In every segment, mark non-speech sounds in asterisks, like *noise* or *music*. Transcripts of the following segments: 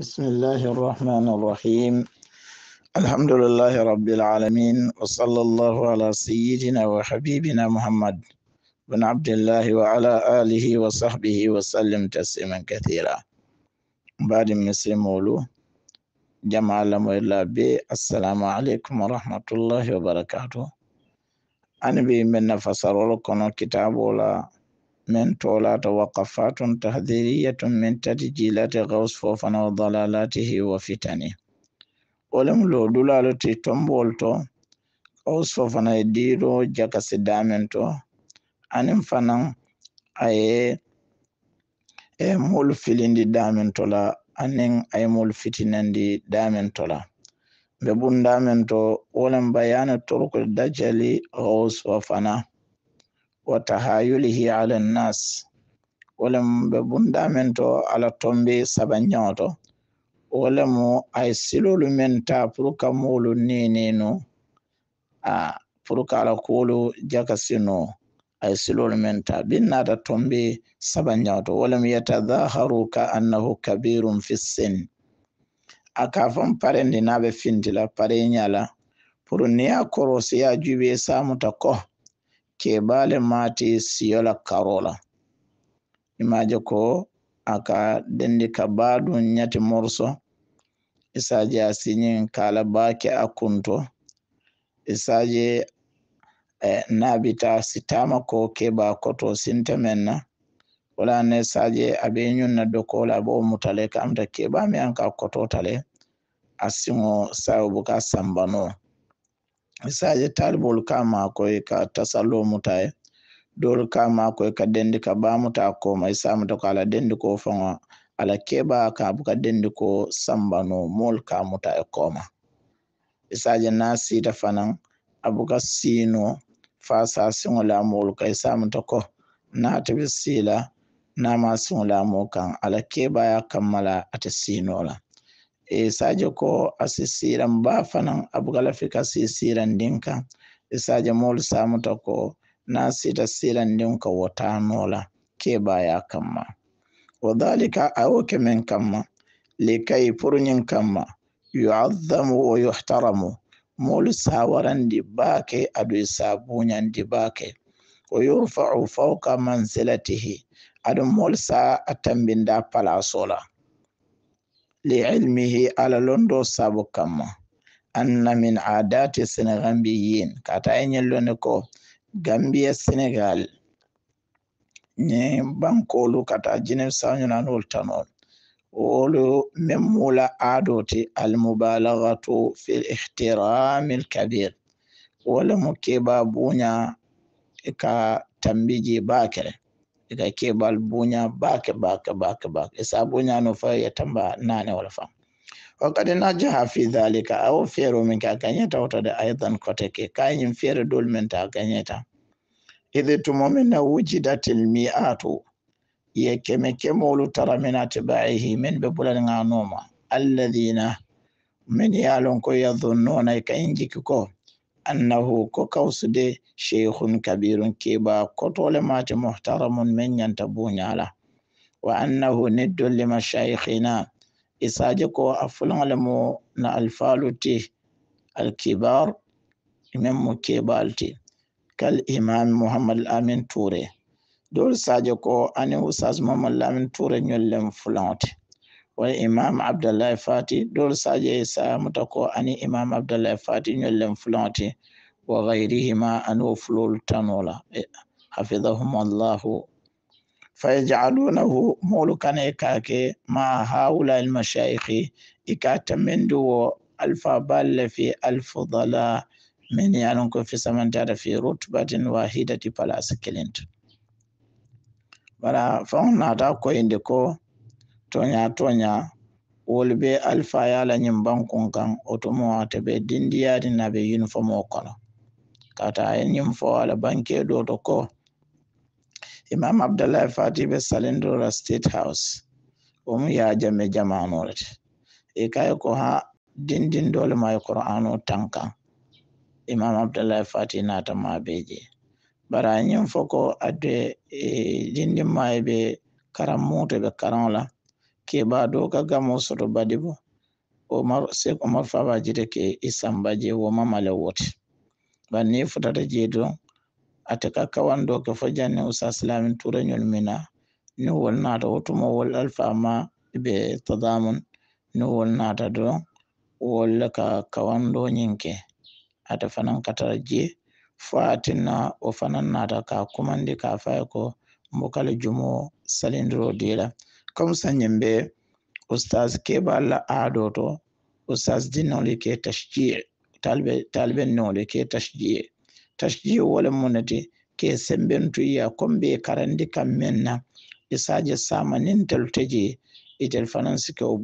بسم الله الرحمن الرحيم الحمد لله رب العالمين وصلى الله على سيدنا وحبيبنا محمد بن عبد الله وعلى آله وصحبه وسلم تسليما كثيرا بعد مسلم ولو جمع الله بي السلام عليكم ورحمة الله وبركاته أنا بي من فسر لكم كتاب ولا من طولات وقفات تحذيرية من تتجيلات غوص فوفنا وضلالاته وفتنه ولم لو دلالتي تنبولتو غوص فوفنا يديرو جاكا سدامنتو أنم فنان أي مول e molu filindi damentola anen ay molu fitinandi damentola be bun damento wolen ولم بيان dajali الدجالي غوص وفنا wa tahayulihi ala nnas wolem ɓe bundamen to ala tombe sabañoto wolemo ay silolu men ta pour ka molu neneno a pour ka ala kuwolu jaka ay silolu men ta bin nata tombe sabañoto wolem yatadaharu ka annahu kabirum fi sin a ka fan parendi naɓe fintila pare pour niya korosi ya juɓe samuta ko keɓale mati siyola karola imaje ko aka dendi kabadu nyati morso isaje asinyi kala bake a kunto isaje eh, nabita sitama ko keɓa koto sinta na wala ne saje aɓe na dokola bo mutale kamta keɓami mi anka koto tale asimo sawu ka buka sambano saje talibol kama koy ka tasalo e dol kama koy ka dendi ka bamuta koma e samuta ko ala dendi ko faŋo ala keɓa ka buka dendi ko sambano mol kamuta e koma e saje na sita fanan abuka sino fa sa siŋo lamol ka e samuta ko natabe sila nama siŋo lamo kan ala keɓaya kammala ate sino la sajo ko a sisiran ba fanan abugala fika sisiran dinka isaje mol samuta ko na sita siran dinka wotanola ke baya kamma wadhalika awoke kemen kamma likai purñin kamma yuazzamu wa yuhtaramu mol sawarandi baake adu isabuñandi baake wa yurfau fawka mansilatihi adu mol sa a tambinda palasola liilmihi ala londo sabo kamma anna min adati senegambiyin kata e ñellone ko gambiya senegal ñe bankolu kata jine sañunanol tanol wolu men mula adoti almubalagatu fi lihtirami lkabir wala mu keba buña ka tambiji bakere daga kebal bunya baka baka baka baka isa bunya no fa ya yettamba nane wala fa wa kadi najaha fi dhalika aw fi'ru min ka wata da aidan koteke kanyin fi'ru dol min ta kañeta idhi tumomin na wujidatil mi'atu ya keme kemolu tara min atibaihi min ɓe noma alladhina min yalon ko yadunnuna kañin jiki ko annahu ko kawsude sheikhun kabirun keba kotole mace muhtaramun men yanta wa annahu ne dole lima shaikhina isaje ko a fulan alamu na alfaluti alkibar imam mu ke balti kal imam muhammad amin ture sa saje ko ani usas muhammad amin ture nyollem fulaŋo wani imam abdullahi fati Dole saje sa mata ko ani imam abdullahi fati ñollen fulanti wa ma ano fulol tanola e, hafidahum allahu fayajalunahu moolu kane kake ma haula Ikata ika min wo alfa balle fi alfudala min yanon ko fi samantata fi rutbatin wahidati palasa kelinto wala fawon nata koyinde ko tonya tonya wolu be alpha yala yim bankun kan otomo wata be dindiyadi na be uniform o kono kata a yim fo ala banke do to ko imam abdullahi fati be salindora state house o mu ya jame jamanu rate e kay ko ha dindin dole may e qur'an o tanka imam abdullahi fati na ta ma beje bara yim fo ko adde e dindin may e be karam mote be karam la keɓa doka gam o soto baɗi bo omar se omar fabajide ke isamba je womamale wote banni futata jeedo ate ka kawan doke fo janni usa slamin tureñol mina ni wol nata wotumo wol alfama ɓe tadamun ni wol nata do wol ka kawando ñinke ate fanan katara je fo atinna o fanan nata ka kumandi ka faye ko mbokala jumo salindiro dila comme ça nyembe ustaz keɓa la aaɗo to ustaz dinnole ke tashjie talbe talɓe nole ke tashji tashji wala monati ke sembentu ya kombe karandi kamenna isaje sama isaje samanintel teji itel finance ke o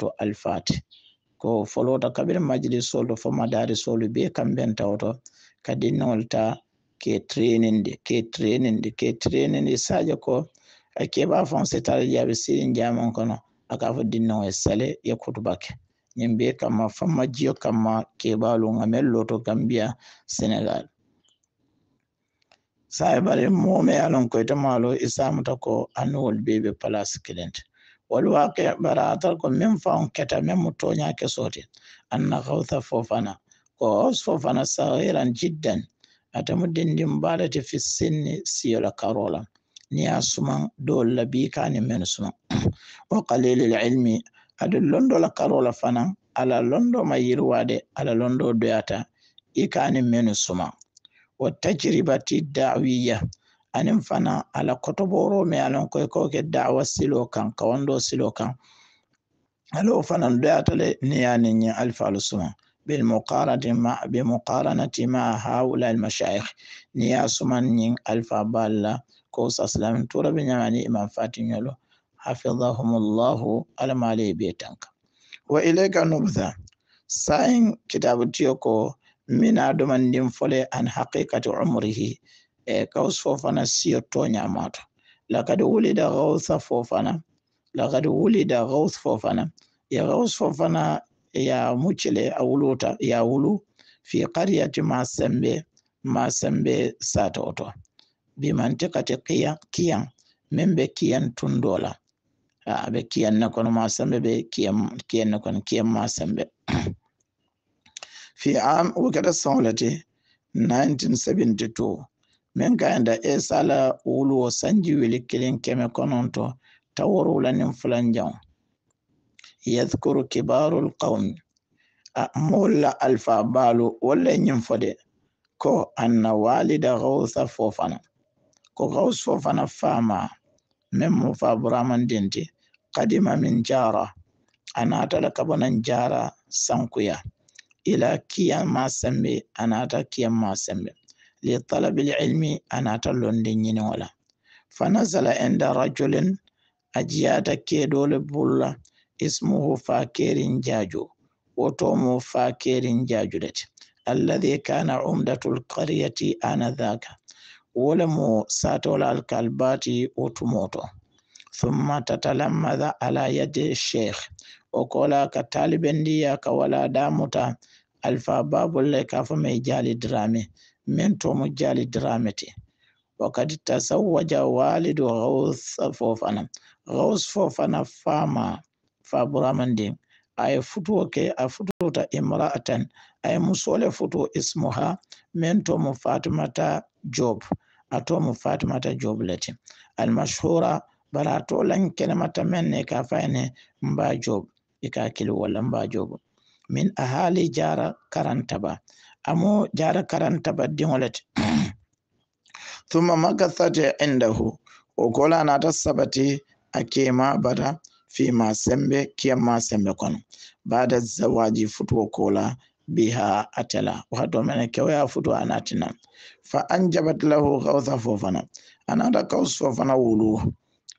to alfati ko folota kabir majlisol to famadari solu be kambenta oto kadi nolta ke de ke training de ke training isaje ko a ke b'a fɔ se taara jaabi siri jaaman kɔnɔ a k'a fɔ dinna o ye sale ya kutuba kɛ nin bɛɛ kama fama jiyo kama keɓalu ngame loto gambia senegal saibare moome alon koyta maalo isamuta ko annuwol beɓe place kelente wal waqi baratar ko min fawn keta min mo toñake soten anna hawtha fofana ko os fofana sahiran jiddan atamo dendin mbaɗate fi sinni siyola karolam ni y'a suman dɔw la bi k'a ni mɛn suman o kalele la ilimi a la karo la fana ala lɔndɔ ma yiriwa ala lɔndɔ doyata i k'a ni mɛn suman o tajiribati dawiya ani fana ala kɔtɔbɔrɔ min ala ko k'o kɛ dawa silo kan kawan dɔ silo kan ale fana doyata dɛ ni y'a ni ɲɛ alifa suman بالمقارنة مع بمقارنة مع هؤلاء المشايخ نياس من الفا بالا ko sasalam tora be ñamani imam fatiñolo hafidahumullahu alamalaye be tanka wa ilayka nubtha sayin kitabu tiyo ko mina domandin fole an haqiqati umrihi e kaws fo fana siyo toñamato lakad wulida gawsa fo fana lakad wulida gaws fo ya gaws fo fana ya mucile a ya wulu fi qaryati ma sembe ma bi mantikati kiyan kiyan min be kiyan tundola aɓe kiyanne kono ma sembe ɓe kiyanne kono kiyan ma sembe *clears throat* fi am wukete sowlete 1972 min kayenda e sala wuluwo sanji wili kilin keme konon to tawor wulanin fulan jaw yadkuru kibarul qawmi mowulla alfa baalu wolle ñin fode ko anna walida gawsa fofana ko gawus fo fana fama min mo fa buraman dente kadima min jara a natala kabanan jara sankuya ila kiyan ma sambe a nata kiyan ma sambe li talabil ilmi anata nata londin wala fana zala enda rajulin ajiyata ke dole bulla ismuhu fakirin jajo woto mo fakirin jajo dati alladhi kana umdatul qaryati anadhaka wole mo satola al kalbati otumoto thumma tatalamadha ala yadi sheikh okola ka talibendiya ka wala damuta alfa babulle kafo me jali drame min tomo jali dramete wakati tasawwaja walidu ghaus fofana ghaus fofana fama faburamandim ay futo ke a ta imra'atan ay musole futuwo ismuha min Fatima fatimata job a to Fatima ta job leti almashhura bara to lan kenemata men ne ka fayne mba job e ka kili mba job min ahali jara karanta ba amo jara karantaba diŋolete *clears throat* thumma makasate indahu o kolanata sabati a kema bada. fi ma sembe ma sembe kono. ba da zawaji futuwa ko la bi a tala wato mana kyau ya futuwa a nati nan fa an jabat lahu kawsa fo fana a na da fo fana wulu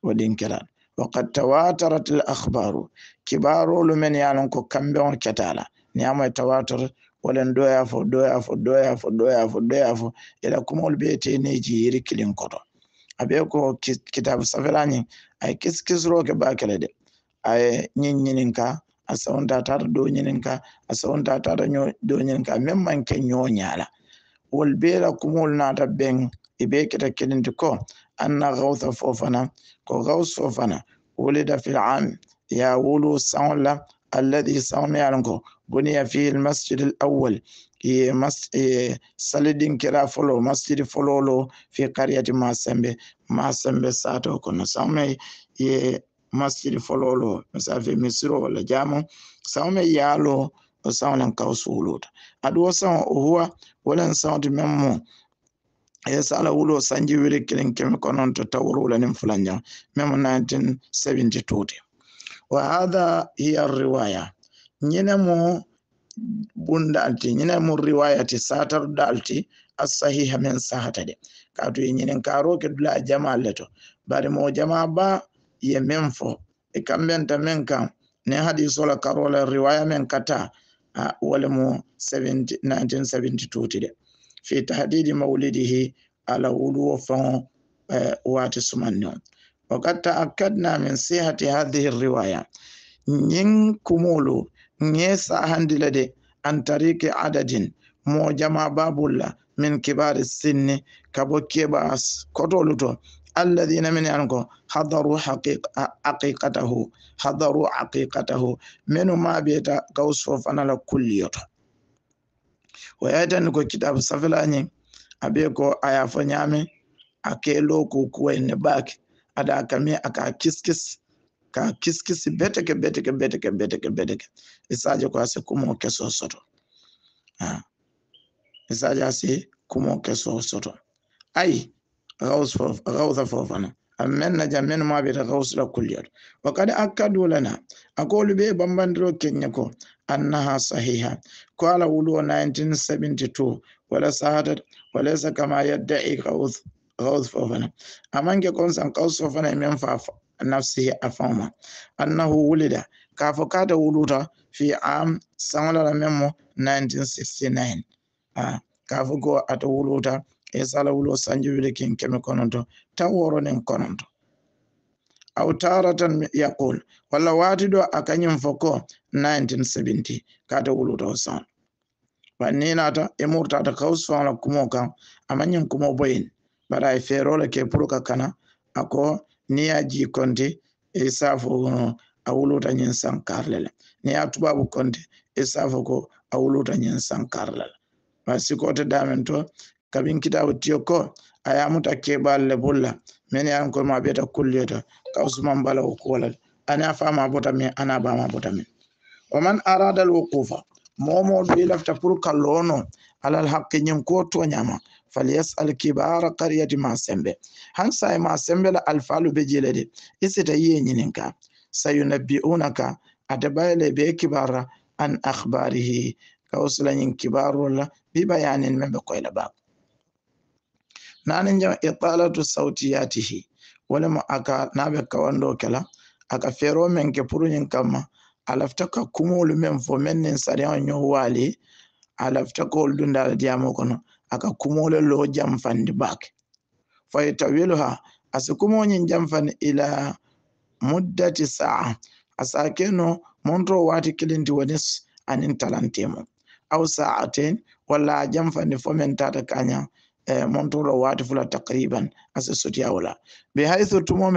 o kira wa kad tawatar til akhbaru kibaru lumen ya ko kambe on kyata la ni tawatar walen doya fo doya fo doya fo doya fo doya fo ila kuma ulbe te ne ji yiri kilin kɔrɔ a bɛ ko kitabu safira ni a ba a ye ñiŋ ñininka a sawunta tata do ñininka a sawunta tata ño do ñininka meŋ maŋ ke ñoo ñaala wol bee la kumol naata beŋ i bee kita kilinti ko an na gawsa ko gaws fo wulida fil am ya wulu saŋo la alladi saŋo e, me ye a loŋ ko buniya fihi lmasjid ye salidin kira folo masjidi folo fi kariyati masembe masembe sato kono samme ye masjid fololo lo misafe misiro wala jamu sawo me yalo o sawo len kaw suwulota aɗu sawo o huwa wala sawti men mo e sala wulo sanji wiri kem konon to tawru wula nim fulanya mem 1972 de wa hadha hiya riwaya nyene mo bunda alti nyene mo riwaya ti satar dalti as-sahiha min sahata de kato nyene ñinen karoke dula jama'a leto bare mo jama'a ba ye min fɔ i kan bɛnta hadiso la karo riwaya min ka ta walimu 1972 ti fi tahdidi maulidihi ala wuluwo fɛŋo waati sumaniw wakad taakadna min sihati hadihi riwaya nyin kumolu nye sahandi la de an tariki adadin mo jama babulla min kibari sinni kabo keba kotolu alladhina min yanko hadaru haqiqatahu hadaru haqiqatahu menu maɓeta gawso fanala kulliyoto o yaytani ko kitab safilañin aɓe ko aya fo ñaame a ko kuwayne baake aɗa kami aka kiskis ka kiskisi beteke beteke beteke beteke beteke isaje ko ase kumo keso soto isaje ase kumo keso soto ayi gawsa fofana amman na jammin ma bi ta gausula wa kad akkadu lana akolu be bambandiro kenya ko annaha sahiha qala wulu 1972 wala sahadat walaysa kama yadda'i gaus gaus fofana amange konsan gaus fofana men fa nafsihi afama annahu wulida kafo kata wuluta fi am sanwala memo 1969 ah kafo ko ata wuluta esala wulo sanji wile kin keme kononto taw woronen kononto au taratan yaqul wala waati ɗo a kañum 1970 kata wuluta o san ba ta emurta ta murtata kaws fanla kumo kan amañin kumo boyin bara e feerole ke puruka kana ako niya ji konti e safo a wuluta ñin san karlele niya ya tubabu konti e safo ko a wuluta ñin san karlele basi sikote damen to kabin kitabu tiyo ko a yamuta le bulla min yan koye ma ɓiyata kulliyota ka usman bala o kolal ana fama bota min ana bama bota min o man arada al wuqufa momoɗo ilafta pour kallo ono alal hakke ñin ko toñama falyasal kibara qaryati ma sembe han saye ma sembe la alfalu be jele de isita yiye ñininka sayunabbi'unaka ate be kibara an akhbarihi kawsulañin kibarolla bi bayanin men ɓe koyla baba nanen jam italatu sautiyatihi walema aka naɓe kawando kela aka feero men ke puruñin kamma alafta ka kumolu men fo men nin sariyaŋo ñowwali alafta kowol dunda ala diyamo kono aka kumole lo jamfandi bake fa yutawiluha asi kumoñin jamfani ila muddati saa asa keno wati kilinti wonis anin talantemo aw sa'aten walla a jamfandi fo men tata kaña e eh, montulo waati fula takriban ase sotiyawola bi haythu tumo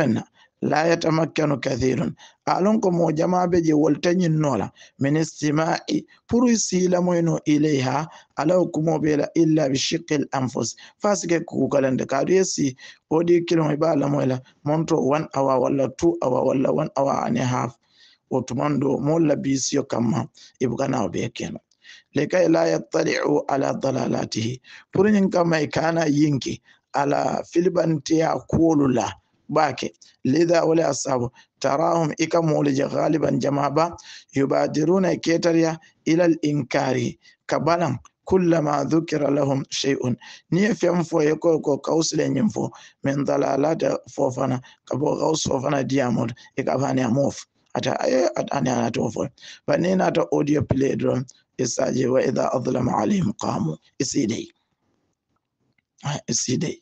la yatamakkanu kathirun alon ko mo jamaɓe je woltañinnola min istimai pour silamoyno ileyha alaw kumoɓela illa bi shiqil anfus fasike kukalande kaɗu ye si oɗi kilon e lamoyla monto one hour walla two hour walla one hour and a o tuman mo labisiyo kamma ibukanawo ɓe keno likay la yattali'u ala dalalatihi pour ñin kama i yinki ala filibantiya kuwolu la bake lidha wale asabu tarahum ika mulije ghaliban jamaba yubadiruna ketariya ila linkari kabalan kullama dhukira lahum shay'un niye fem fo ye ko ko nyimfo ñin fo min dalalata fo kabo kaws fofana fana diyamoto ika fani amof ata aye eh, atani anatofo anata o audio play drone isaje wa idha adlama alaihim qamu isidai isidai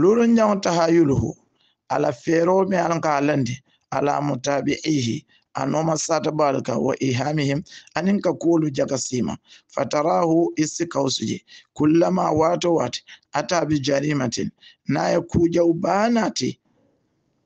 lurun nyaw tahayuluhu ala fero me alan ka alandi ala mutabi'ihi anoma sata balka wa ihamihim anin ka kulu jaka sima fatarahu isi kausuje kullama wato wate ata jarimatin na ya kuja ubanati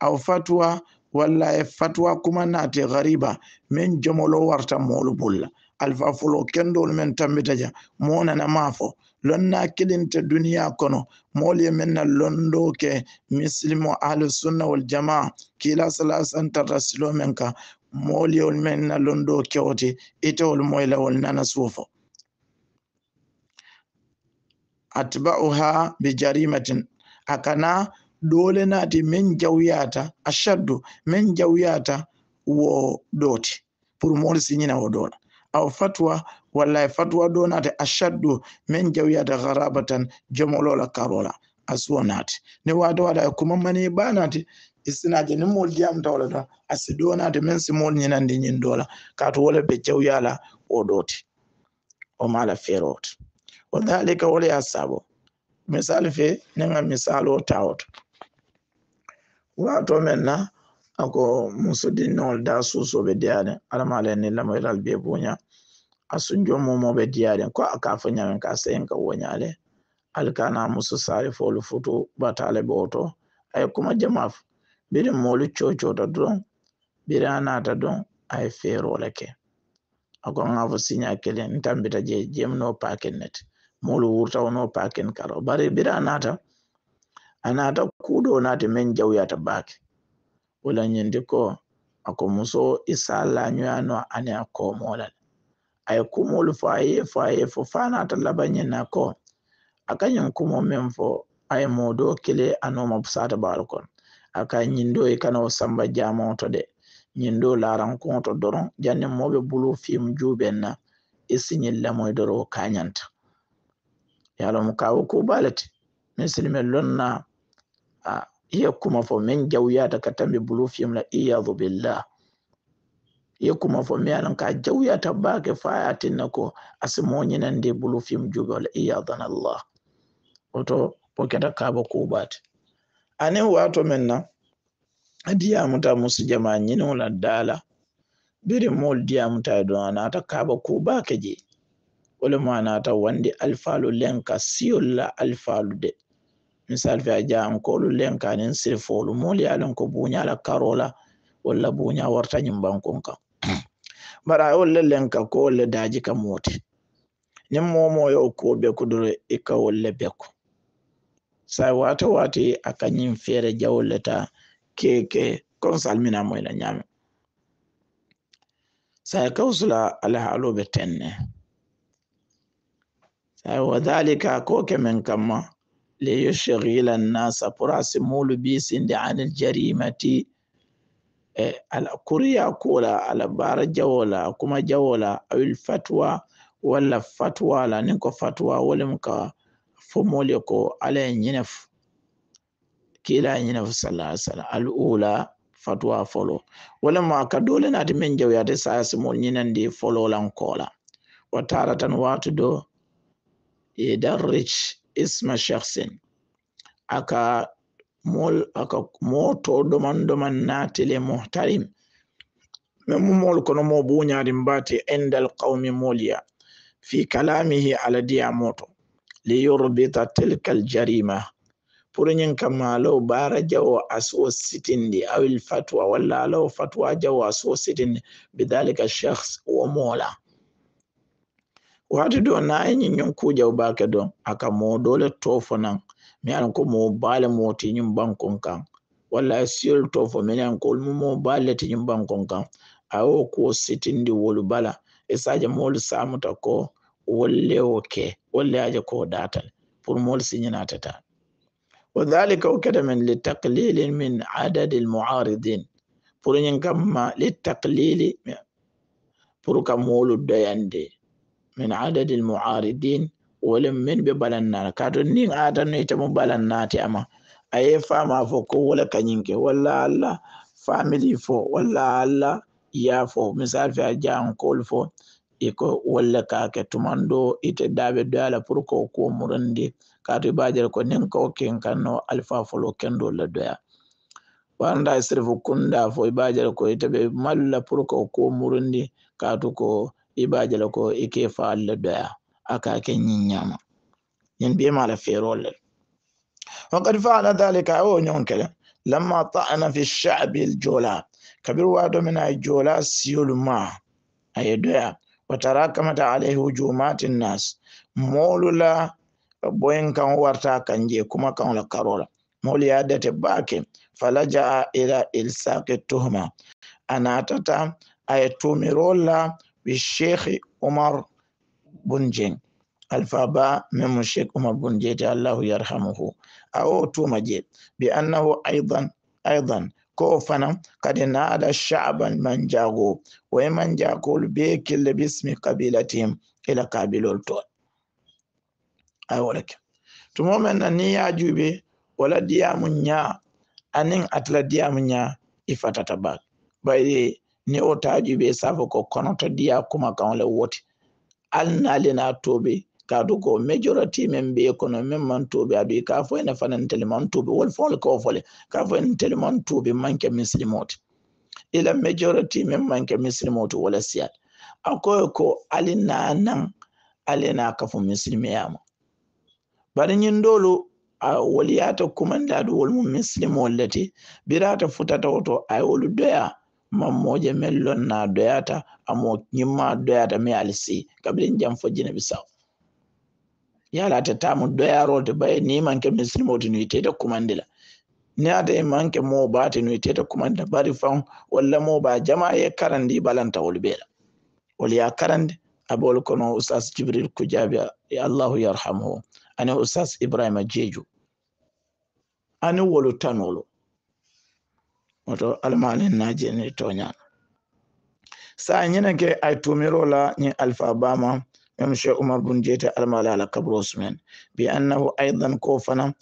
au fatwa walla e fatwa kuma naate gariba min jomolo warta moolu bulla alfa fulo kendol men tambita ja monana maafo lonna kilinta duniya kono moolu ye min na londo ke misilimo ahlusunna wal jamaa kiila sala santarta silo men ka moolu yewol men na londo kewoti itewol moylawol nana suufo atba'uha bi akana dole naati min jawyata ashaddu min jawyata wo dooti pour moolu siñina wo doola aw fatwa walla fatwa do naate ashaddu min jawyata harabatan jomolola karola a suwo ni waata waɗa kuma mani ba naati isinaje ni moolu diyam tawla ta asi do naati min si moolu ñinandi ñin doola kaatu wala ɓe jawyala o dooti o maala feerooto wa dhalika wala ya fe nenga misalo tawoto wato men na ako musudinol da suso ɓe diyaden alamala ni lamoyral be buña asunjo momoɓe diyaden ko akafo ñamen ka seyin ka woñale alkana musu sare folu futu batale ɓe oto ay kuma jamaf ɓiri molu cocota don ɓiri anata don ay feerolake ako gafo siña kelen tambita je jemno paken net molu wurtawno paken karo bari ɓiri anata anata kuɗo nate men jawyata bake wolanyandi ko ako muso isa lanyano ane ako molal ay kumol fo aye fo aye fo fanata labanyen na ko akanyen kumo men fo ay modo kile ano mabsata balkon aka nyindo e kana samba jamo to de nyindo laran ko to doron janne mobe bulu fim juben na isinyel la moy doro kanyanta yalo mukawo ko balati mislimel lonna iya kuma fo men jawyata ka tambi bulu fiyam la iyadu billah iya kuma fo me alan ka jawyata bake fayatin na ko asimoñinan de bulu fiyam juɓe wala iyadan allah oto o keta kaba kuɓate anin wato men na diyamuta musu jama ñiniwla dala biri mol diyamuta don anata kaba kuɓake je wolemo anata wandi alfalu lenka siyolla alfalu de misal fe a jam ko olu len kanin sir folu moli alon ko bunya la karola walla bunya warta nyimban kon kan bara walla len ka ko walla daji ka moti nin momo yo ko be kudure ika walla be ko sai wata wata akan yin fere jawlata keke kon salmina moy la nyame sai kawsula alhaalo be tenne sai wadhalika ko kemen kamma liyushghila nnasa purasimulu bisinde anil jarimati e, ala kuriya kola ala baara jawola kuma jawola awil fatwa walla fatwa la nin ko fatwa wolem ka fomole ko ala ye ñine fo kila ye ñine fo sala sallam al ula fatwa folo walema ka dole naati min jawyate sayasimol ñinandi fololan kola wa taratan watu do idarrich isma shakhsin aka mol aka moto doman doman natile muhtarim men mol kono mo buñaari mbate endal qawmi moliya fi kalamihi ala diya moto liyurbita yurbita tilka aljarima pour ñin kamma law bara jawo a sitindi awil fatwa walla law fatwa jawo a so sitindi bidhalika shakhs wo mola wati do n'a ye nyon ko ja u b'a kɛ dɔn a ka mɔɔ dɔ le tɔ mi an ko mo bale mo ti nyum ban kɔn kan walla sil tofo tɔ mi an ko mo mo bale ti nyum ban kɔn kan a y'o ko sitindi wolu ba la isaje mɔɔlu samu ta ko wolu le y'o kɛ wolu le y'a jɛ k'o daa ta pour mɔɔlu si ɲin'a ta ta وذلك وكد من لتقليل من عدد المعارضين pour ɲin kama لتقليل pour ka mɔɔlu dɔyande min adadi almuaridin wolem min ɓe ɓalannaɗa kato nin atannoyta mo ɓalannate ama aye fama fo ko wola kañinke walla allah family fo walla allah ya fo misal fe a jankol fo iko walla kake tuman ite daɓe doyala pour ko ko murandi kato ibajere ko nin ko kenkanno alfa folo kendo la doya waranda sirfu kunda fo ibajere ko ite ɓe malla pour ko ko murandi kato ko i b'a jala ko i k'e fa alla doya a k'a kɛ ɲin ɲama ɲin bee ma la feerol le وقد فعل ذلك أو نيون كلا لما طعن في الشعب الجولا كبير وادو من الجولا سيول ما أي دويا وتراكمت عليه هجومات الناس مولولا بوين كان ورتا كان جي كما كان لا كارولا مولي عادة باكي فلجأ إلى إلساق التهمة أنا تتا أي توميرولا Sheikh Umar Bunjeng alfaba memo Sheikh Umar Bunjete Allahu yarhamuhu au tuma je bi annahu aidan aidan ko fana kadi naada sha'ban man jago wa man jago be kille bismi qabilatihim ila qabilol to ay wala ke to momen nan ni ni o taajuɓe safo ko konotodiya kumakan le woti alnaali na tuuɓe ka du ko majority men ɓe kono min man tuuɓe aɗu ka fo ene fanan teliman tuuɓe wol fole ko fole ka fo en teliman tuuɓe manke misilimote ila majority men manke misilimote wala siyat akoye ko ali nan ali na kafo misilimeyama bari ñin dolu a woliyata kumandadu wolmu misilimol leti birata futata woto ay wolu doya mammoje men lonna doyata amo yimma doyata mi alisi kabilin jam fojjina bi saw yalata tamo doyarote baye nimanke misrimoto nui teta kumandila niata e manke mo bate nui teta kumandila bari fan walla mo ba jama ye karandi balanta wol ɓeela wol ya karandi abol kono ustas jibril kujabi e allahu yarhamuhu ani ustas ibrahima jeju ani wolu tanolo woto almalin naje ni toñana sa ne ke a tumiro la ni alpha bama mem shi umar bun jeyte almala la kabros men bi annahu aidan ko fana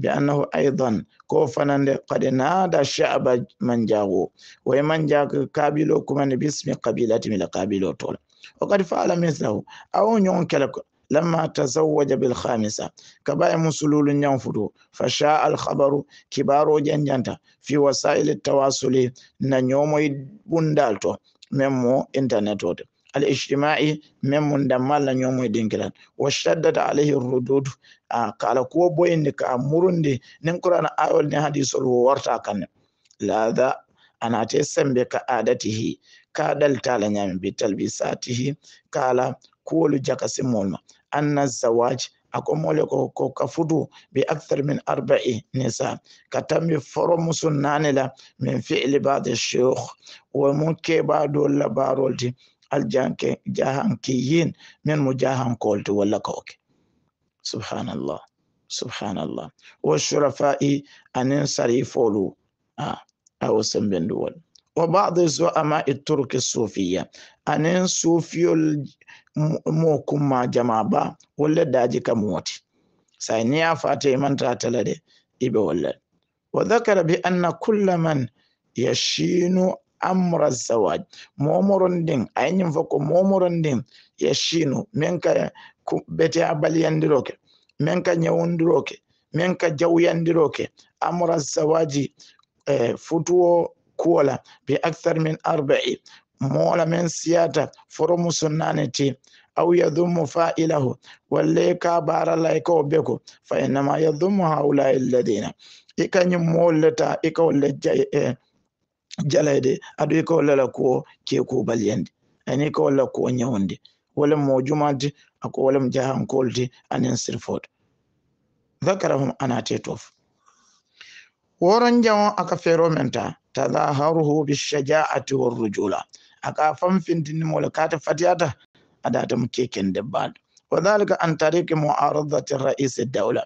bi annahu aidan ko fanande kadi a chaba man jago wai man jago kabilo kumani bismi kabilati mila kabilo tola o fa faala mislahu awo ñon kele لما تزوج بالخامسة كباي مسلول ينفدو فشاء الخبر fudo fa في وسائل التواصل kibaro يبندالتو ممو انترنت tawasuli الاجتماعي ممو ندمال دمال لن وشدد عليه الردود قال كو بوين كا مورندي دي قران آول ني حديث لو ورتا كان لذا أنا انا تسم بك عادته كادل تالا نعم بتلبساته كالا كولو جاكا سمولما أن الزواج akomole ko ko ka fudu bi akthar min arba'i nisa ka tammi foro musunnane la min fi'li ba'd ash-shuyukh wa munke ba'du labarolti aljanke jahankiyin min mujahankolti walla ka oke subhanallah subhanallah wa shurafa'i anin sarifolu a awo sembenduwol wa ba'd zu'ama at-turk as-sufiyya anin sufiyol mo kumma jama ba wolle daji kam woti sai ni ya fata manta talade ibe wolle wa dhakara bi anna kulla man yashinu amra zawaj momoron din ayin fa ko momoron din yashinu men ka bete abaliyandiroke men ka nyawondiroke men ka jawyandiroke amra zawaji eh, futuwo kuola bi akthar min arba'i mola men siyata foromu sunnani ti aw yadhumu fa'ilahu walle ka bara laika beko fa innama yadhumu haulai alladhina ikanyum molleta ikawolle jalayde eh, aɗo ikawollela ko ke kubal yande ani ikawolla ko ñawde wala mo jumalti ako wala mo jahankolti anen sirfoto dhakarahum anate tof woron jawon aka fero menta ta tadaharuhu bishaja'ati warrujula aka fanfintini mole kate fatiyata adata keken de bal wa dalika an tariki muaradati ad dawla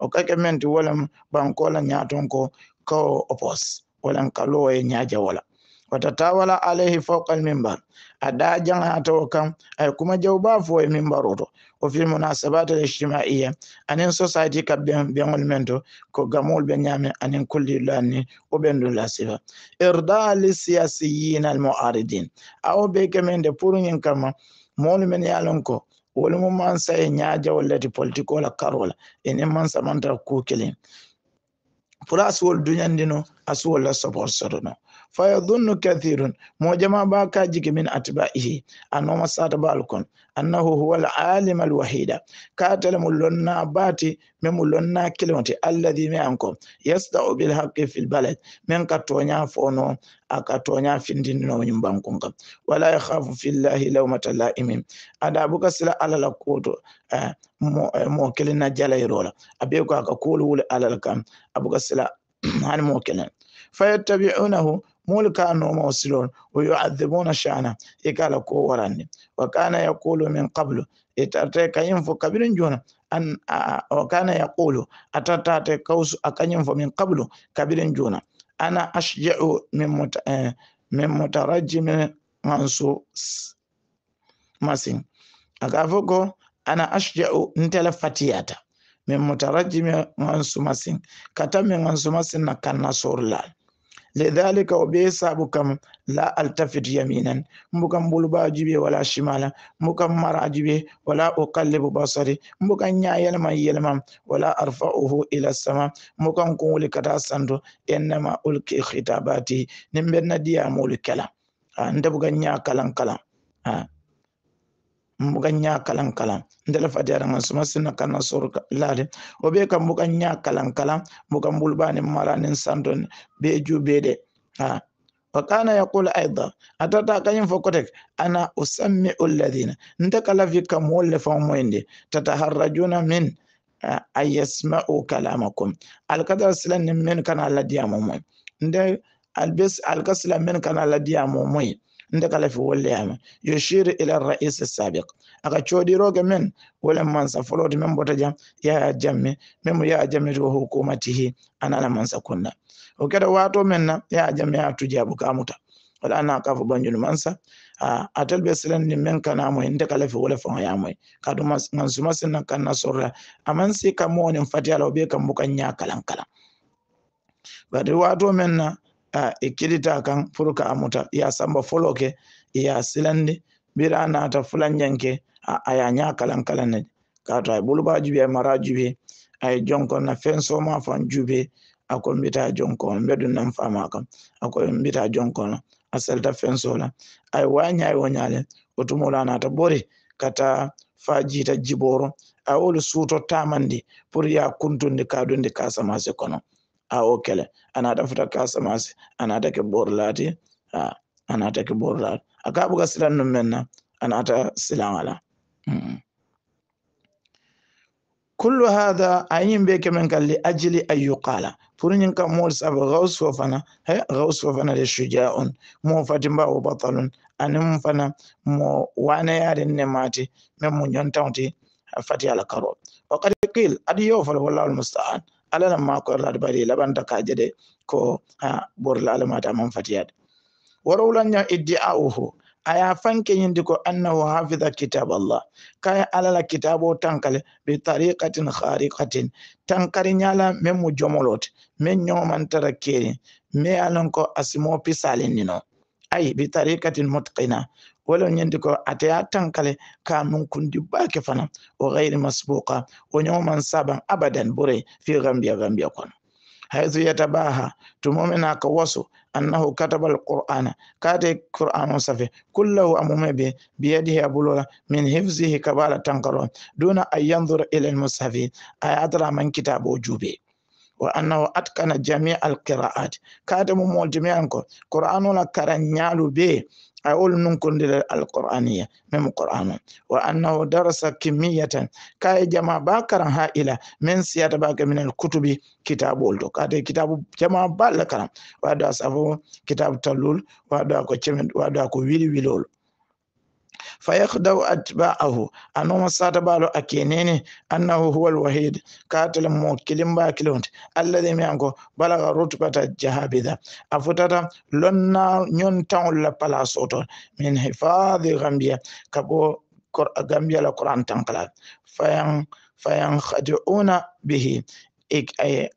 o kake menti wolam bankola nyaton ko opos wolan kalo e wala wola watatawala alayhi fawqa al minbar ada jangata o kam ay kuma jawba fo e minbaroto وفي المناسبات الاجتماعية أنين سوسايتي كبين بين المنتو كغمول بين يامي أنين كل لاني وبين دولا سيفا إرضاء للسياسيين المعارضين أو بيك من دي بورين كما مول من يالنكو ولمو من سي نياجا والتي بولتيكو لا كارولا إن من سمانتا كوكلين فلا سوال دنيا دينو أسوال لا سبور سرنا fayadhunnu kathirun mo jama ba ka min atba'ihi anoma sata bal kon annahu huwa al-alim al-wahida mulonna bati me mulonna kilmati alladhi me anko yasda'u bil haqqi fil balad men ka fono aka findin no nyumban kun wala yakhafu fillahi lawmata la'imin ada buka sila alala koto mo kilina jalayrola abe ko aka kulu wala alal kam han mo kilina fayattabi'unahu mulkanomo silon wa yuadhibuna shana ikala ko waranni wa kana yaqulu min qablu itarte kayin kabirin jona an wa kana yaqulu atatate kausu akanyin fo min qablu kabirin jona ana ashja'u min muta eh, min mutarajjim mansu masin akafoko ana ashja'u ntela fatiyata min mutarajjim mansu masin kata min mansu masin nakanna kanna لذلك وبيسا بكم لا التفت يمينا مكم بلبا جبي ولا شمالا مكم مرا جبي ولا اقلب بصري مكم يا يلما يلما ولا ارفعه الى السماء مكم كول كتا سندو انما القي خطاباتي نمبر نديا مول كلام آه، عند بغنيا كلام كلام آه. mbuga nya kalan kalan ndela fadiyara nga suma sunna kana soro laade o be ka mbuga nya kalan kalan mbuga bulbani marani sandon be ju be de ha wakana yaqulu aida atata kañum fokotek ana usammi alladhina ndaka kala fi kam wolle fam moyndi tataharrajuna min ayasma'u kalamakum alqadar silan min kana ladiyamo moy ndai albis alkasila min kana ladiyamo moy ndekala fi wolleyama yushir ila rais sabiq aka roge men wolen mansa folode men bota jam ya jamme memo ya jamme to hukumatihi anala mansa kunna o keta wato men na yaya jamme ya tujabu kamuta wala ana kafu banjunu mansa atel be ni men kana mo inte kala fi wala fanga yamoy kadu mansu masin kan nasorra amansi kamonin fatiyala be kan bukan nya kalan kalan bari wato men na i kidita kan pour que a samba foloke ya i silandi bira a naata fulanjanke a ye a kalan kalan ne k'a to a ye mara jubi a ye na fɛn soma fan jubi a ko n bɛ taa jɔn kɔ n bɛ don nan faama kan a la a salita fɛn so la a ye waa ɲa ye o bori ka taa jiboro awol suto tamandi pur pour y'a kuntundi k'a dondi k'a samase Ah, ah, a o kele anata futa anata ke borlati anata ke borlati aka silan nun menna anata silan ala hmm. kullu hadha ayin be ke men kalli ajli ay yuqala furin kan mol sab gaus wa fana he gaus wa fana da shuja'un mu fatin ba wa batalun anin fana mu wana yarin ne mati men mun yon tawti karo wa qad qil adiyo fal wallahu almusta'an ala nan bari labanta kaje de ko ha borla alamata man fatiyade warawlanya iddi'a'uhu aya fanke yindi ko annahu hafiza kitab allah kaya alala kitabo tankale bi tariqatin khariqatin tankari nyala men mu jomolote men nyomantara keri me alon ko asimo pisalin nino ay bi tarikatin mutqina wala ñandi ko ateya tankale ka mun kundi bake fana o gayri masbuqa o ñoman saban abadan bure fi gambia gambia kono haythu yatabaha tumomena ka wasu annahu kataba alqur'ana kate qur'anu safe kullahu amume be biyadihi abulola min hifzihi kabala tankaro duna an yanzura ila almushafi ayatara man kitabo jube wa annahu atkana jami alqiraat katemu mo jami anko qur'anu la karanyalu be أقول نكون القرآنية من القرآن وأنه درس كمية كاي جماعة باكر هائلة من سيادة باك من الكتب كتاب ولدو كاتي كتاب جماعة بالكرم وادو أسابو كتاب تلول وادو أكو وادو أكو ويلي ويلول fayakhdau atba'ahu anoma sata balo akenene annahu huwa alwahid katala mokilin ba kilonte alladhi miyanko balaga rutbata jahabida afutata lonna nyontan la palaso to min hifadhi gambia kabo gambia la qur'an tankala fayan fayan khadi'una bihi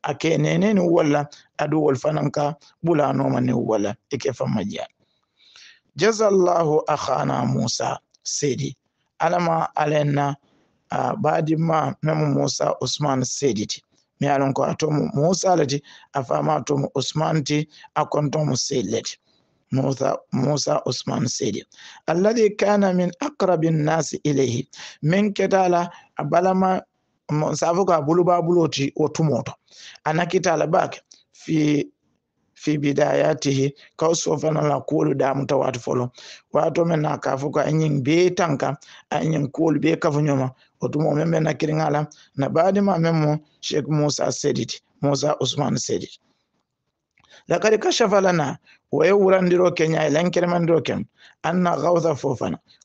akenene ni wala aduwol fananka bula noma ni wala ike famajia jazallahu akhana musa sedi alama alenna uh, badima memo musa usman seydi ti mi alon ko atomo musa leti afama fama usman ti a kontomo musa, musa usman seydi alladhi kana min aqrabi nnasi ilayhi min ketala a balama safo buluba buloti wo tumoto a nakitala bake fi fi bidayatihi kaw sofana la kuolu damuta waatu folo waato men na ka fo ko tanka añin kuolu bee kafuñoma o tuma o men ɓe nakkiriŋa la na baadima men mo cheikh moussa sedit moussa ousmane sedit lakad kashafa lana wo wurandiro ke ilan kelemandiro ken anna gawsa fo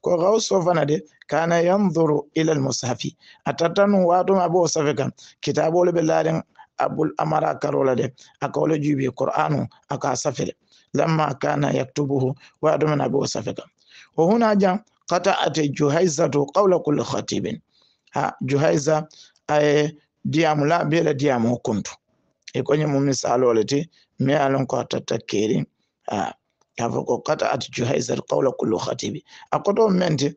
ko gaws fo de kana yanzuru ila almushafi a tattanu waatoma bo safe kan kitaabolu ɓe laaren abul amara karola de aka wala jubi qur'anu aka safere lamma kana yaktubuhu wa adama nabu safaka wa huna ja qata'at juhaizatu qawla kulli khatibin ha juhaiza ay diamu la bela diamu kuntu e konye mu misalo lati me alon ko tatakeri ha kafo ko qata'at juhaizatu qawla kulli khatibi akoto mente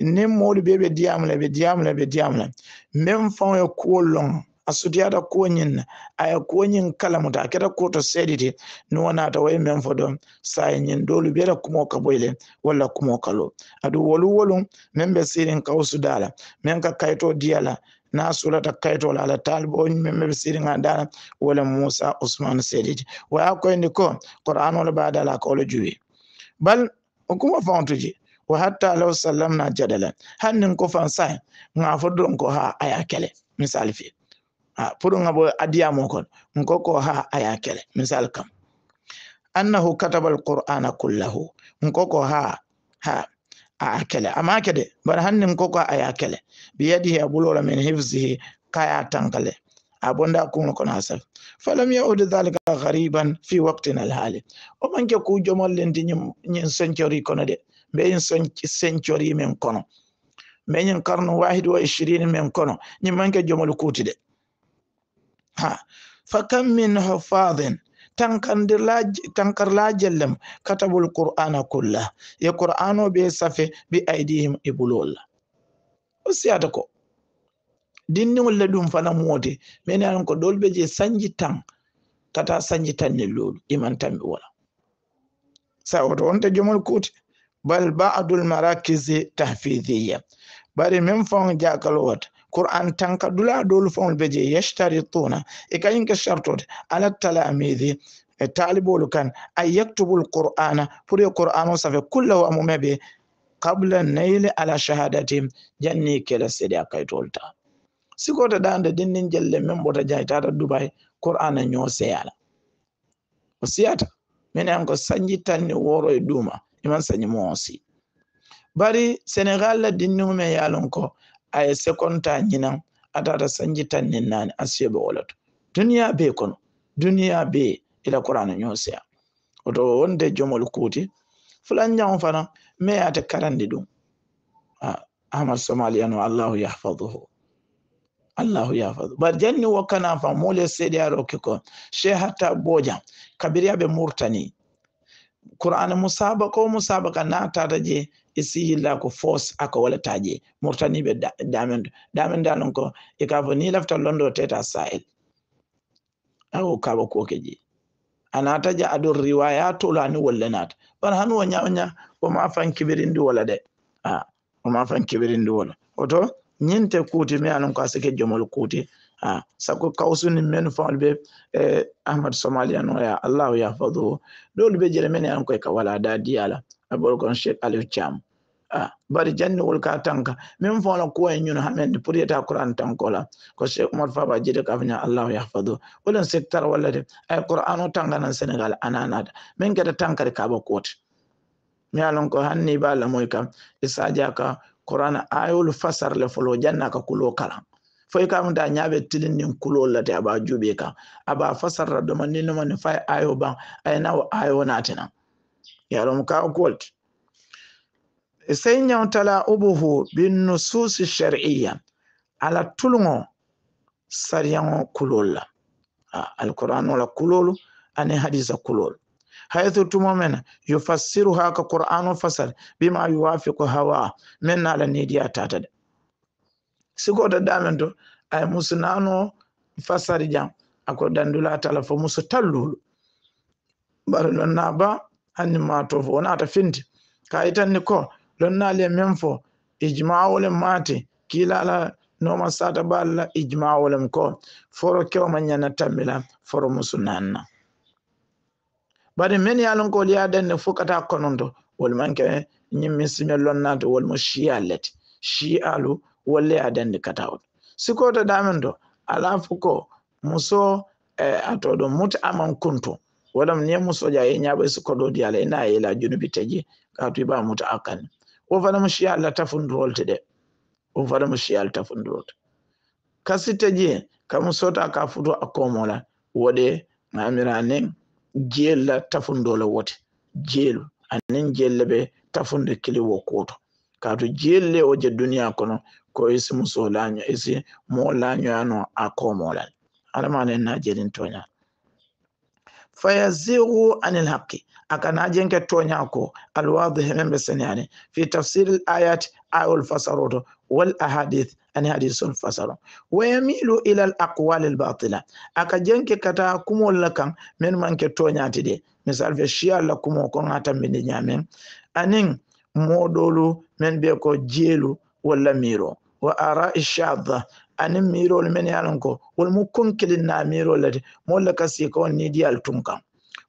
ne molu bebe diamu la be diamu la be diamu la mem fon e kuolon asutiyada kuonyin aya kuonyin kalamuta aketa koto sediti nuwanata wai men fodo sayenyin dolu da kuma ka boyle wala kumo kalo adu wolu wolu men be sirin kawsudala men ka kayto diyala na surata kaitola la talbo meme be siri nga wala musa usman Wa ya koyndi ko qur'an la bada la, kawla juwi bal hukuma fauntuji wa hatta law sallamna jadalan hannin ko fan sai nga ko ha aya kele misali fi puɗunga bo adiyamo kon nko ko ha aya kele misal kam annahu kataba alqur'ana kullahu nko ko ha ha aa kele ama kede bara hanni nko ko aya kele biyadihi abulola min hifzihi kaya tankale a bonda kuno kono ha saf falam yaud dhalika ghariban fi waqtina alhali o manke ku jomollendi ñin sencori kono de mbeyin sencori min kono mbeyin karno wahid wa ishirini min kono ñin manke jomol kuti de ha fakam min hufadhin tankarlajellem katabul qur'ana kulla ye qur'ano be safe bi aidihim e bulolla o siyata ko dinnigolle ɗum fana moote mene anon ko ɗolɓe je sanji tan kata sanji tan ne lolu iman tan ɓe wala wonta jomol kuute bal badul marakise tahfidiya bari min fon jakalowata qur'an tanka dula dolu fawol be je yashtarituna e kañum ke ala talamidi e taalibolu kan ay yaktubul qur'ana pour yo qur'an o safe kullahu amume ɓe qabla nayle ala shahadatim janni kela seede a kaytol ta sikoto jelle min ɓota jayi tata dubay qur'ana ño seyala o siyata minen ko woro e iman sañi moosi bari sénégal la dinniŋume yalon ko a ye sekonta ñinan a tata sanji tan nin naani a siyoɓe wo duniya be kono duniya be ila qur'ana ñoo seya oto wonde jomol kuuti fulan ñaw fana me ate karandi dun ah, ahmad somaliya no allahu yahfaduhu allahu yahfadu bar janni wokkana fa mole seeɗi aro ke ko che hatta boja kabiriyaɓe murtani qur'ana musaba ko musaba ka natata je e sihilla ko force ako wala taje murtaniɓe damen damen dalon ko e kafo ni lafta londo teta sa'el awo kaba kokeji anata ja aɗon riwaya tolani walla nata bara han wo ñawña woma fan kibirindi wala de a ah, woma fan kibirindi wala oto ñinte kuuti mi anon ko a sike jomol kuuti ha sabu kawsu ni men fa'al be eh, ahmad somali no ya allah yahfazuhu dole be jere men yan ko ka wala da diala abol kon sheikh ali cham ah bari janni wol ka tanka min fola ko en ñun hamen pour yeta qur'an tankola ko cheikh umar faba jide ka fanya allah yahfadu wolen sektar wala de ay qur'an o tangana senegal ananata min kata tankare ka ba kote mi alon ko hanni ba la moy kam isaja e ka qur'an ayul fasar le folo janna ka kulo kala fo ka mun ta nya be tilin nin kulo la ta ba jube ka aba fasarra do man nin man fa ayo ban ay na wa ayo na tana ya ka gold sai nyaw tala ubuhu bin nusus shar'iyya ala tulungo sariyango kulol la alqur'an wala kulolu ani hadisa kulol haithu tumo yufassiruha ka qur'anu fasal bima yuwafiqu hawa min ala nidiya tatada sikota damen to ay musu nano fasari jam ako dandula tala fo musu tallulu bara lon na ba hanni ma to fo wonata finti ka yitanni ko lon naali men fo ijma'olem maati kilala noma sata balla ijma'olem ko foro kewma ñana tammila foro musu nanna bari men yalon ko liyadanne fo kata kononto wol manke ñimmin simel lon nato wol mo shiyallete shi'alu wolle adanndi katawol sikoto damen ɗo ala ko muso e ato ɗo muta aman kunto waɗam niya musoja siko ɗodi ala ena yela junubi teji katu iba muta akani wo fana mo shiya alla tafundurolte ɗe wo fana mo kasi teji ka musota ka futo a komola woɗe mamira nen jeella tafundola wote jeelu anen kili wo kuuto kaatu jeelle o duniya kono ko isi muso laño isi mo lañoyano a komolal alamane na jelin toñal fayazigu anil haqi akana jenke toña ko alwadihi men ɓe seniyani fi tafsir ayat ayol fasaroto wal ahadith ani hadisul fasaro wa yamilu ila al aqwal al batila aka jenke kata kumol la kan men manke toñati de misal fe shiya la kumo ko ngata min nyamen anin modolu men be ko jelu wala miro wa ara'i shadda anin mirol men yalan ko wol mu kunkilin na mirol lati molla kasi ko ni diyal tunkan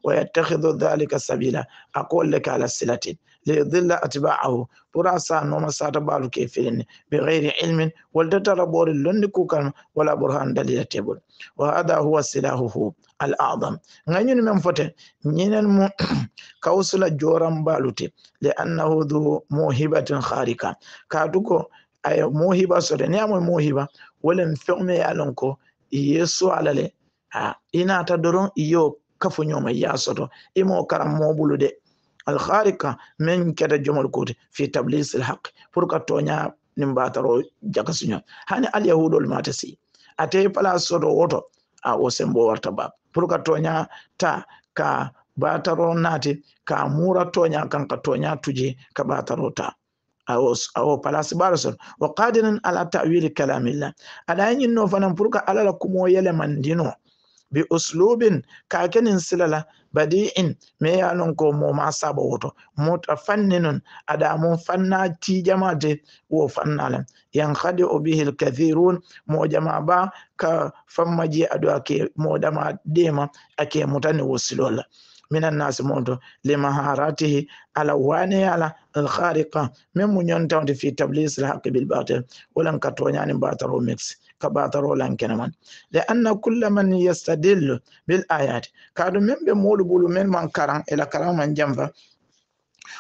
wa yattakhidhu dhalika sabila aqul laka ala silatin li yudilla atba'ahu pura sa no masata balu ke filin bi ghairi ilmin wal datara bor londi kukan wala burhan dalila tebul wa hada huwa *clears throat* aye mohiba sore ni amoy mohiba wala fewme ya lonko yesu alale ha ina ta doron iyo kafu nyoma ya soto imo karam mo bulu al kharika men keda jomol kote fi tablis al haqq pour ka tonya nimbataro jakasunya hani al yahudol matasi ate pala soto woto a o sembo warta bab pour ka tonya ta ka bataro nati ka mura tonya kan ka tonya tuje ka bataro ta awo awo palasi barason wa qadiran ala ta'wil kalamillah ala yin no fanan furka ala la kumo yele mandino bi uslubin kakenin silala badi'in me ya lon ko mo ma saba woto mutafanninun adamun fanna ti jama'ate wo fannalam yan khadi bihi alkathirun mo jama'a ba ka fammaji adu ake dema ake mutane wasilola من الناس موندو لمهاراته على واني على الخارقة من من ينتون في تبليس الحق بالباطل ولن كتوني عن باطل ميكس كباطل ولن كنمان لأن كل من يستدل بالآيات كادو من بمول بول من من كران إلى كران من جنفة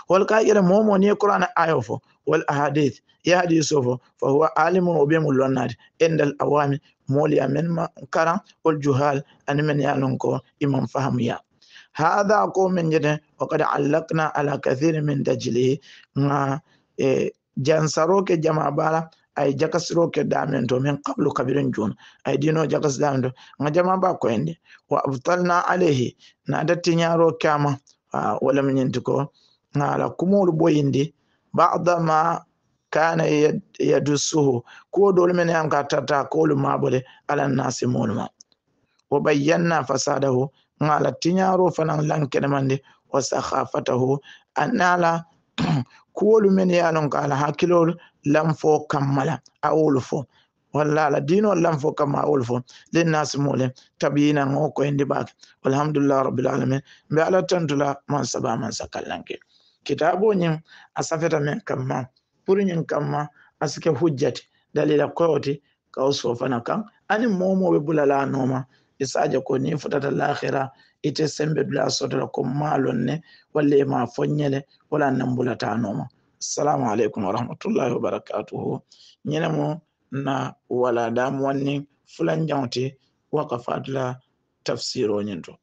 والكائر مومون يقران آيوفو والأحاديث يا يوسف فهو عالم وبيم اللونات عند الأوامر موليا من كران والجهال أن من يالنكو إمام فهم hadha ko min jene o kadi allakna ala kathiri min tajlihi ga e jansaroke jama bala ay jakasiroke damen to min qablu kabirin juna ay dino jakas damen to ga jama ba koyende wa abtalna alayhi na dattiñaro kama walam ñinti ko ala kumolu boyindi bada ma kana yadusuhu ko dole men yam ka tata ala nasi wa bayyana fasadahu nga ala fanan fanaŋ lankenemandi wa sahafatahu anna *clears throat* kuwolu men ye a lon ka ala hakkilolu lanfo kamma la fo walla ala diinol lanfo kamma a fo linnasi mule tabiyina ŋo koyindi baake walhamdulillah rabbilalamin mbe ala tantula man saba man kitabo ñiŋ a men kamma pour ñiŋ kamma a hujjati dalila koyoti ka sofana kaŋ aniŋ momo be bulala a isaje ko ni futata lahira ite sembe dula sotola ko maalon ne walla e ma foññele wala nambulatanoma assalamu aleykum warahmatullahi wabarakatuhu ñenemo na wala damu wanni fulan jawti waka tafsiro tafsiroñin to